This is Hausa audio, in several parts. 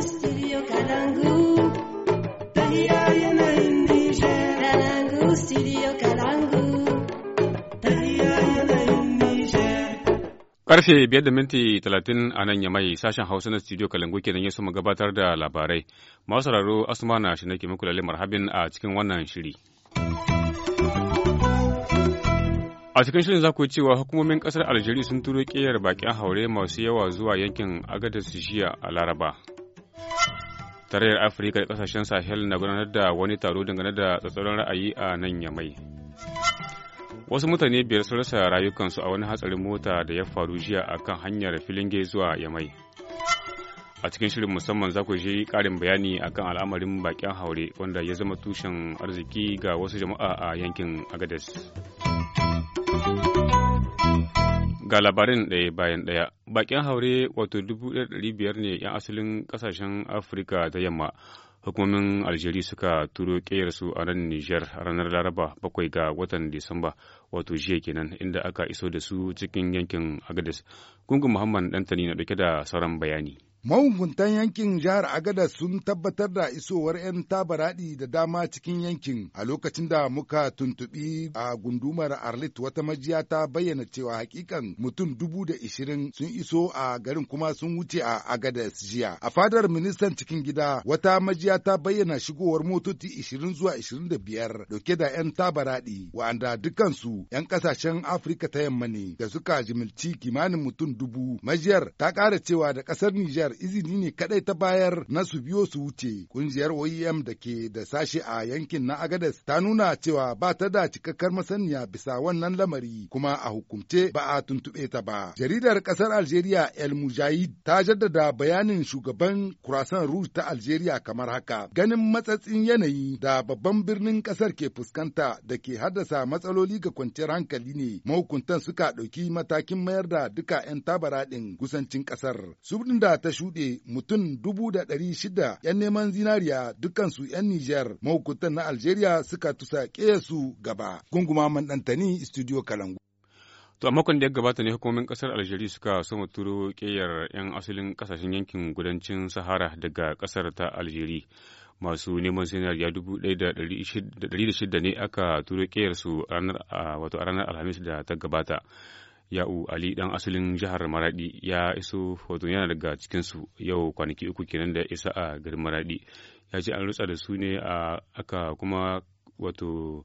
studio Karfe biyar da minti talatin a nan ya yamai sashen Hausa na studio Kalangu kenan ya suma gabatar da labarai. Masu sauraro Asuma na shi nake muku lalle marhabin a cikin wannan shiri. A cikin shirin za ku cewa hukumomin kasar Algeria sun turo ƙeyar bakin haure masu yawa zuwa yankin Agadez jiya a Laraba. Tarayyar Afirka da ƙasashen Sahel na gudanar da wani taro dangane da tsatsauran ra'ayi a nan Yamai. Wasu mutane biyar sun rasa rayukansu a wani hatsarin mota da ya faru jiya a kan hanyar Filinge zuwa Yamai. A cikin shirin musamman za ku ji ƙarin bayani a kan al'amarin baƙin haure wanda ya zama tushen arziki ga wasu jama'a a yankin Agadez. Ga labarin ɗaya bayan ɗaya, bakin haure wato biyar ne 'yan asalin ƙasashen Afirka ta yamma. Hukumomin aljeri suka turo su a nan Nijar ranar Laraba bakwai ga watan Disamba wato jiya kenan inda aka iso da su cikin yankin agadis Gungun Muhammad ɗantani na ɗauke da sauran bayani. Mahukuntan yankin jihar Agada sun tabbatar da isowar 'yan tabaraɗi da dama cikin yankin a lokacin da muka tuntuɓi a gundumar Arlit wata majiya ta bayyana cewa hakikan mutum dubu da ishirin sun iso a garin kuma sun wuce a Agadas jiya. A fadar ministan cikin gida wata majiya ta bayyana shigowar motoci ishirin zuwa ishirin da biyar dauke da 'yan tabaraɗi wa'anda dukansu 'yan ƙasashen Afirka ta yamma ne da suka jimilci kimanin mutum dubu. Majiyar ta ƙara cewa da ƙasar Nijar bukatar izini ne kadai ta bayar na su biyo su wuce. Kungiyar OEM da ke da sashe a yankin na Agadez ta nuna cewa ba ta da cikakkar masaniya bisa wannan lamari kuma a hukumce ba a tuntuɓe ta ba. Jaridar ƙasar Algeria El Mujahid ta jaddada bayanin shugaban Croissant Rouge ta Algeria kamar haka. Ganin matsatsin yanayi da babban birnin ƙasar ke fuskanta da ke haddasa matsaloli ga kwanciyar hankali ne mahukuntan suka ɗauki matakin mayar da duka 'yan tabara ɗin kusancin ƙasar. Subdin da ta shuɗe mutum dubu da ɗari shida 'yan neman zinariya dukansu 'yan Nijar mahukuntan na Algeria suka tusa su gaba. Gunguma ɗantani Studio Kalangu. To a makon da ya gabata ne hukumomin kasar Algeria suka soma turo ƙeyar 'yan asalin kasashen yankin gudancin Sahara daga kasar ta Algeria. Masu neman zinariya dubu daya da shida ne aka turo ƙeyar su a ranar Alhamis da ta gabata. Ya'u Ali dan asalin jihar Maradi ya iso wato yana daga cikinsu yau kwanaki uku kenan da isa a garin Maradi. Ya ce an rutsa da su ne a aka kuma wato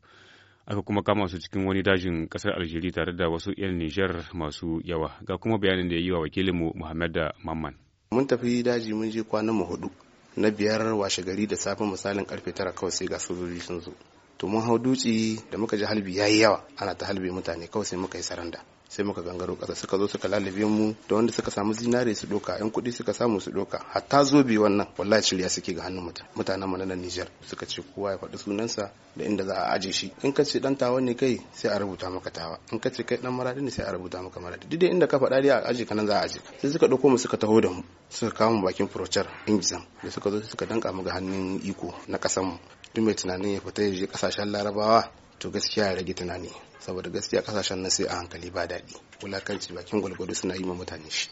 aka kuma kama su cikin wani dajin kasar Algeria tare da wasu 'yan Nijar masu yawa. Ga kuma bayanin da ya yi wa wakilinmu Muhammad da Mamman. Mun tafi daji mun je kwanan mu hudu na biyar washe gari da safe misalin karfe tara kawai sai ga sojoji sun zo. to mun hau dutse da muka ji halbi yayi yawa ana ta halbe mutane kawai sai muka yi saranda sai muka gangaro kasa suka zo suka lalabe mu da wanda suka samu zinare su doka yan kudi suka samu su doka hatta zobe wannan wallahi shirya suke ga hannun mutum mutanen mu na Niger suka ce kowa ya faɗi sunansa da inda za a aje shi in ka ce dan tawa ne kai sai a rubuta maka tawa in ka ce kai dan maradi ne sai a rubuta maka maradi duk inda ka faɗa dai a aje kanan za a aje sai suka dauko mu suka taho da mu suka kawo mu bakin furocar ingizam da suka zo suka danka mu ga hannun iko na kasan mu duk mai tunanin ya fita ya je kasashen larabawa to gaskiya ya rage tunani saboda gaskiya kasashen nan sai a hankali ba daɗi wulakanci bakin gwalgwado suna yi ma mutane shi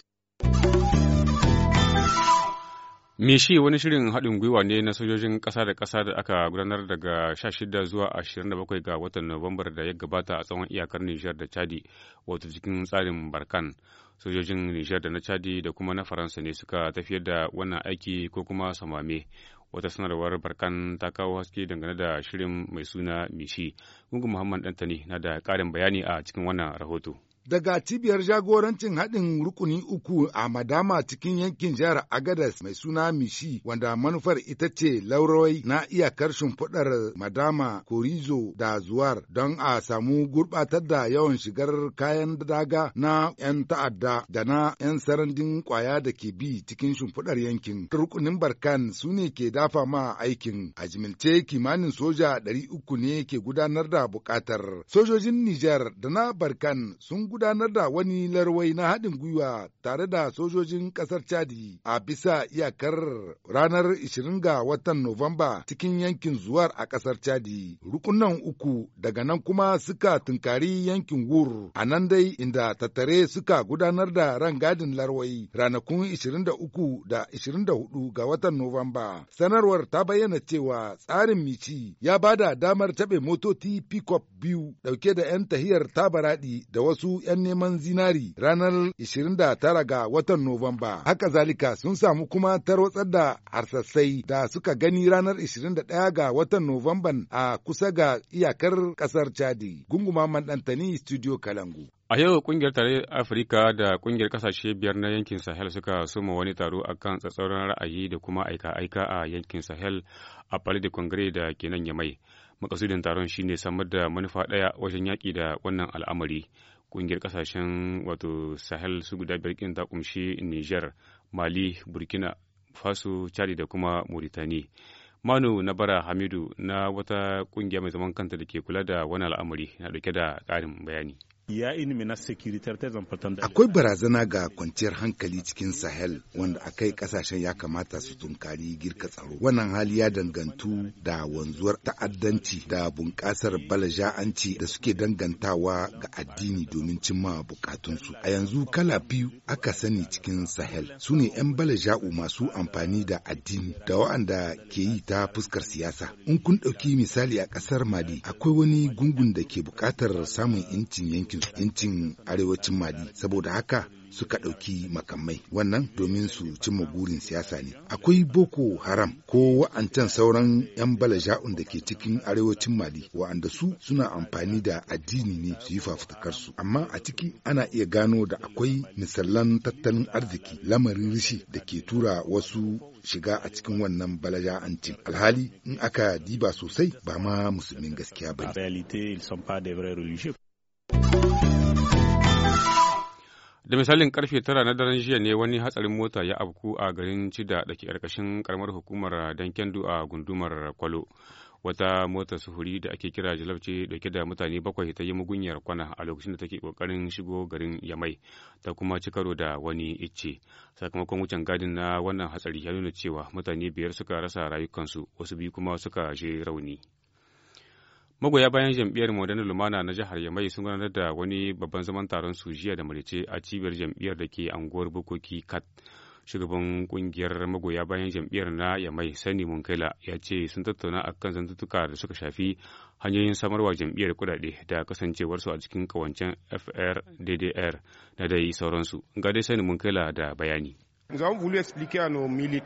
me shi wani shirin haɗin gwiwa ne na sojojin ƙasa da ƙasa da aka gudanar daga 16 zuwa 27 ga watan Nuwambar da ya gabata a tsawon iyakar Nijar da Chadi wato cikin tsarin Barkan. Sojojin Nijar da na Chadi da kuma na Faransa ne suka tafiyar da wannan aiki ko kuma samame wata sanarwar barkan ta kawo haske dangane da shirin mai suna mishi gungun muhammad dantani na da ƙarin bayani a cikin wannan rahoto daga cibiyar jagorancin haɗin rukuni uku a madama cikin yankin jihar agadas mai suna mishi wanda manufar ita ce lauroi na iyakar shimfiɗar madama korizo da zuwar don a samu gurɓatar da yawan shigar kayan daga na 'yan ta'adda da na 'yan sarandin kwaya da ke bi cikin shimfiɗar yankin rukunin barkan su ne ke dafa ma aikin a jimilce kimanin soja 300 ne ke gudanar da buƙatar sojojin nijar da na barkan sun gudanar da wani larwai na haɗin gwiwa tare da sojojin ƙasar Chadi a bisa iyakar ranar 20 ga watan Nuwamba cikin yankin zuwar a ƙasar Chadi. Rukunan uku daga nan kuma suka tunkari yankin Wur a nan dai inda tattare suka gudanar da ran gadin larwai ranakun 23 da 24 ga watan Nuwamba. Sanarwar ta bayyana cewa tsarin mici ya bada damar taɓe motoci biyu ɗauke da 'yan tahiyar tabaraɗi da wasu 'yan neman zinari ranar 29 ga watan Nuwamba. Haka zalika sun samu kuma tarwatsar da harsassai da suka gani ranar 21 ga watan Nuwamban a kusa ga iyakar kasar Chadi. Gunguma Mandantani Studio Kalangu. A yau kungiyar tare Afirka da kungiyar kasashe biyar na yankin Sahel suka soma wani taro akan tsatsauran ra'ayi da kuma aika-aika a yankin Sahel a Palais de Congrès da kenan Yamai. Makasudin taron shine samar da manufa ɗaya wajen yaƙi da wannan al'amari. Ƙungiyar ƙasashen wato Sahel su guda biyar ta kumshi Nijar, Mali, Burkina Faso, Chad da kuma mauritani Manu na bara Hamidu na wata ƙungiya mai zaman kanta da ke kula da wani al'amari na ɗauke da ƙarin bayani. Akwai barazana ga kwanciyar hankali cikin Sahel wanda akai kasashen ya kamata su tunkari girka tsaro. Wannan hali ya dangantu da wanzuwar ta'addanci da bunƙasar balaja'anci da suke dangantawa ga addini domin cimma bukatunsu. A yanzu kala biyu aka sani cikin Sahel su ne 'yan balaja'u masu amfani da addini da wa'anda ke yi ta fuskar siyasa. In kun ɗauki misali a ƙasar Mali akwai wani gungun da ke buƙatar samun incin yankin yankin yancin arewacin mali saboda haka suka ɗauki makamai wannan domin su cimma burin siyasa ne akwai boko haram ko wa'ancan sauran 'yan balaja'un da ke cikin arewacin mali wa'anda su suna amfani da addini ne su yi fafutukarsu amma a ciki ana iya gano da akwai misalan tattalin arziki lamarin rishi da ke tura wasu shiga a cikin wannan balaja'ancin alhali in aka diba sosai ba ma musulmin gaskiya ba ne Da misalin karfe tara na daren jiya ne wani hatsarin mota ya afku a garin Cida da ke ƙarƙashin karamar hukumar Dankendu a gundumar Kwalo. Wata motar sufuri da ake kira Jalab ce dauke da mutane bakwai ta yi mugunyar kwana a lokacin da take kokarin shigo garin Yamai ta kuma ci karo da wani icce. Sakamakon wucin gadin na wannan hatsari ya nuna cewa mutane biyar suka rasa rayukansu wasu biyu kuma suka je rauni. Magoya bayan jam'iyyar Modern Lumana na jihar Yamai sun gudanar da wani babban zaman taron su jiya da mace a cibiyar jam'iyyar da ke anguwar Bukoki Kat. Shugaban kungiyar magoya bayan jam'iyyar na Yamai Sani Munkaila ya ce sun tattauna akan zantutuka da suka shafi hanyoyin samarwa jam'iyyar kudade da kasancewarsu a cikin kawancen FRDDR da dai sauransu. Ga dai Sani Munkaila da bayani.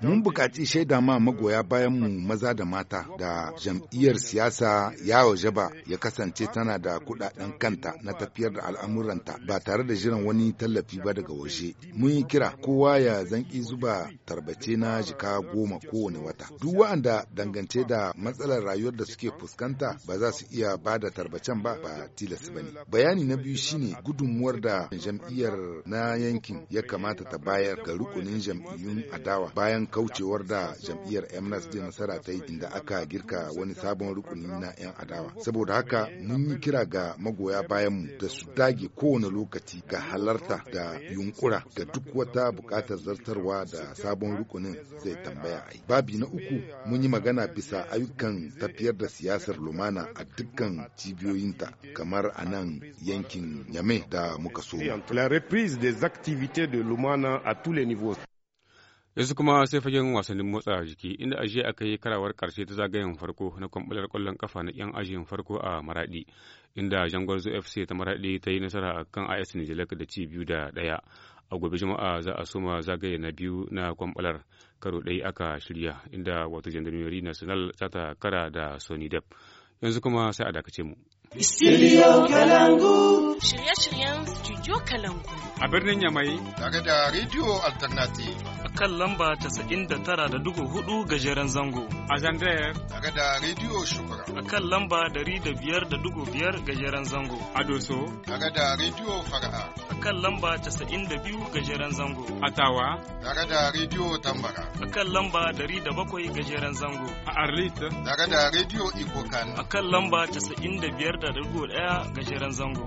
Mun buƙaci shaida ma magoya bayan mu maza da mata da jam'iyyar siyasa ya ba ya kasance tana da kuɗaɗen kanta na tafiyar da al'amuranta ba tare da jiran wani tallafi ba daga waje. Mun yi kira kowa ya zanki zuba tarbace na jika goma kowane wata. Duk wa'anda dangance da matsalar rayuwar da suke fuskanta ba za su iya ba da tarbacen ba ba tilas ba ne. Bayani na biyu shine gudunmuwar da jam'iyyar na yankin ya kamata ta bayar ga rukunin tsakanin jam'iyyun adawa bayan kaucewar da jam'iyyar MNAS din nasara ta yi inda aka girka wani sabon rukuni na 'yan adawa. Saboda haka mun yi kira ga magoya bayanmu da su dage kowane lokaci ga halarta da yunkura da duk wata buƙatar zartarwa da sabon rukunin zai tambaya a yi. Babi na uku mun yi magana bisa ayyukan tafiyar da siyasar lumana a dukkan cibiyoyinta kamar a nan yankin Yame da muka so. La reprise des activités de Lumana à tous les niveaux. yanzu kuma sai fagen wasannin motsa jiki inda a jiya aka yi karawar karshe ta zagayen farko na kwamɓalar kwallon kafa na 'yan ajin farko a maraɗi inda jangwarzo fc ta maraɗi ta yi nasara a kan is nijalak da ci biyu da ɗaya a gobe juma'a za a soma zagaye na biyu na kwamɓalar karo ɗaya aka shirya inda wato jandarmeri national za ta kara da sony dep yanzu kuma sai a dakace mu Studio Kalangu. Shirye-shiryen Studio Kalangu. A birnin Yamai. Daga da Radio Alternative. A kan lamba da tara da dugu hudu gajeren zango. A Zandayar. Daga da Radio Shukura. A kan lamba dari da biyar da dugu biyar gajeren zango. A Doso. Daga da Radio Fara'a. A kan lamba casa'in da biyu gajeren zango. A Tawa. Daga da Radio Tambara. A kan lamba dari da bakwai gajeren zango. A Arlit. Daga da Radio Ikokan. A kan lamba casa'in da biyar ga shirin zango.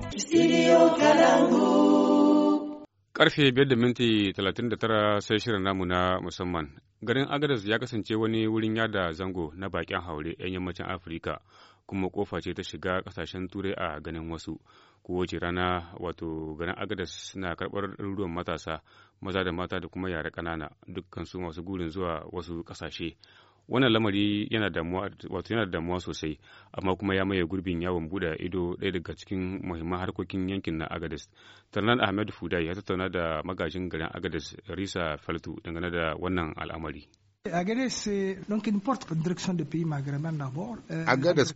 karfe minti talatin Karfe tara sai shirin namu na musamman. Garin Agadas ya kasance wani wurin yada zango na bakin haure 'yan yammacin Afirka kuma kofa ce ta shiga kasashen turai a ganin wasu. Kowace rana wato garin Agadas na karɓar ɗaruruwan matasa maza da mata da kuma yare ƙanana dukkan su masu gurin zuwa wasu ƙasashe. wannan lamari yana damuwa wato yana damuwa sosai amma kuma ya maye gurbin yawon bude ido ɗaya daga cikin muhimman harkokin yankin na agadez tarnan ahmed fudai ya tattauna da magajin garin agadez risa faltu dangane da wannan al'amari Agadas eh, euh,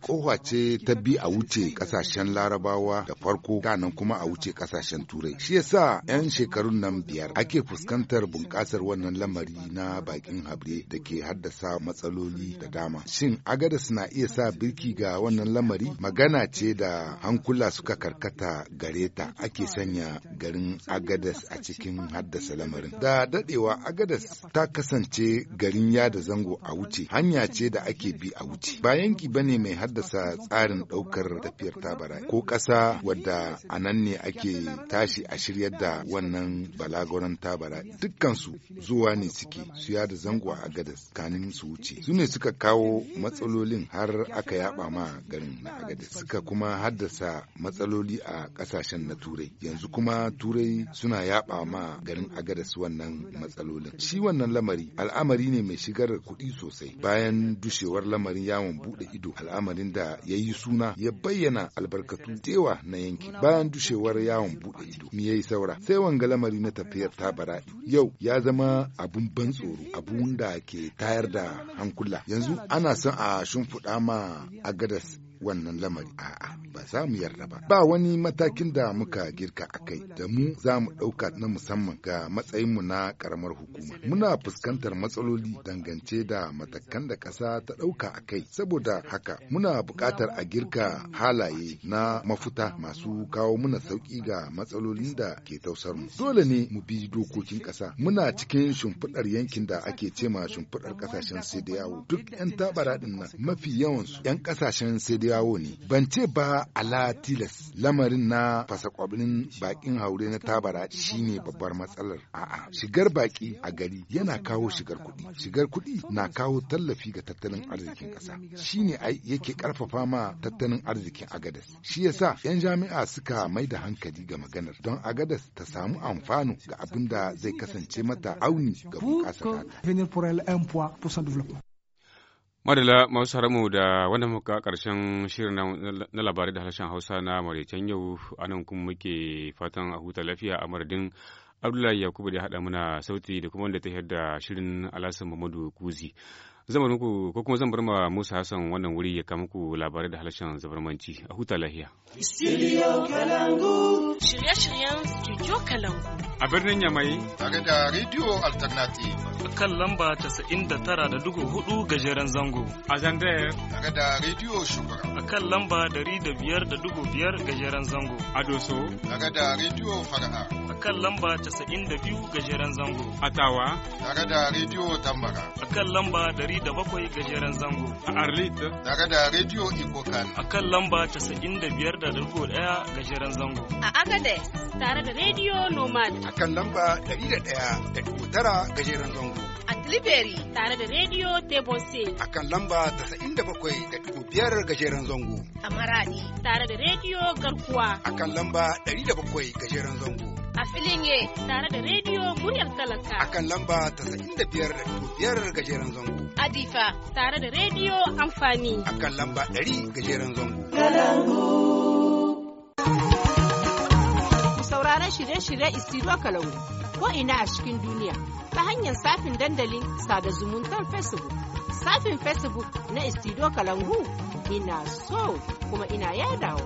kowa ce ta bi a wuce kasashen larabawa da farko ganin kuma a wuce kasashen turai. Shi yasa 'yan shekarun nan biyar ake fuskantar bunƙasar wannan lamari na bakin habre da ke haddasa matsaloli da dama. Shin Agadas na iya sa birki ga wannan lamari? Magana ce da hankula suka karkata gare ta ake sanya garin Agadas a cikin haddasa lamarin. Da dadewa Agadas ta kasance gari garin da zango a wuce hanya ce da ake bi a wuce ba yanki bane mai haddasa tsarin ɗaukar tafiyar tabara ko ƙasa wadda a nan ne ake tashi a shiryar da wannan balagoran tabara dukkansu zuwa ne suke su ya da zango a agadas kanin su wuce su ne suka kawo matsalolin har aka yaba ma garin na agadez suka kuma haddasa matsaloli a ƙasashen na turai yanzu kuma turai suna yaba ma garin agadas wannan matsalolin shi wannan lamari al'amari ne mai shigar kuɗi sosai bayan dushewar lamarin yawon buɗe ido al'amarin da ya yi suna ya bayyana albarkatu tewa na yanki bayan dushewar yawon buɗe ido me yayi saura sai wanga lamari na tafiyar ta baraɗi yau ya zama abun ban tsoro abun da ke tayar da hankula yanzu ana son a shimfiɗa ma agadas wannan lamari a'a ba za mu yarda ba ba wani matakin da muka girka a kai da mu za mu ɗauka na musamman ga matsayinmu na karamar hukuma muna fuskantar matsaloli dangance da matakan da ƙasa ta ɗauka a kai saboda haka muna buƙatar a girka halaye na mafuta masu kawo muna sauƙi ga matsalolin da ke tausar mu dole ne mu bi dokokin ƙasa muna cikin shimfiɗar yankin da ake cema shimfiɗar ƙasashen sai da yawo duk 'yan tabara ɗin nan mafi su 'yan ƙasashen sai yawo ne ban ce ba ala tilas lamarin na fasa kwabrin bakin haure na tabara shine babbar matsalar a'a shigar baki a gari yana kawo shigar kuɗi shigar kuɗi na kawo tallafi ga tattalin arzikin ƙasa shine ai yake karfafa ma tattalin arzikin agadas shi yasa yan jami'a suka mai da hankali ga maganar don agadas ta samu amfano ga abin da zai kasance mata auni ga ta madala masu haramu da wannan muka karshen shirin na labarai da harshen hausa na maraicen yau anan kuma muke fatan a huta lafiya a madadin abdullahi yakubu da haɗa muna sauti da kuma wanda ta da shirin alasan mamadu kuzi zan bar muku ko kuma zan bar ma Musa Hassan wannan wuri ya kama ku labarai da halashen zabarmanci a huta lahiya. Studio Kalangu. Shirye-shiryen Studio Kalangu. A birnin Yamai. Tare da Radio Alternative. A kan lamba casa'in da tara da dugu hudu gajeren zango. A Zandayar. Tare da Radio Shugaba. A kan lamba dari da biyar da dugu biyar gajeren zango. A Doso. Tare da Radio Fara'a. kan lamba 92 gajeren zango. Atawa. Tare da Radio Tambara. A kan lamba 100 107 gajeren zango. A Arlita. Tare da Radio Ikokan. A kan lamba 95.1 gajeren zango. A Agades. Tare da Radio Nomad. A kan lamba 101.9 gajeren zango. A Tilibiri. Tare da Radio Tebose. A kan lamba 97.5 gajeren zango. A Maradi. Tare da Radio Garkuwa. A kan lamba 107 gajeren zango. a filin ye tare da rediyo muryar talaka a kan lamba ta da biyar da biyar gajeren zango adifa tare da rediyo amfani a kan lamba ɗari gajeren zango sauraron shirye-shirye istiro kalangu ko ina a cikin duniya ta hanyar safin dandalin sada zumuntar facebook safin facebook na istiro kalangu ina so kuma ina yadawa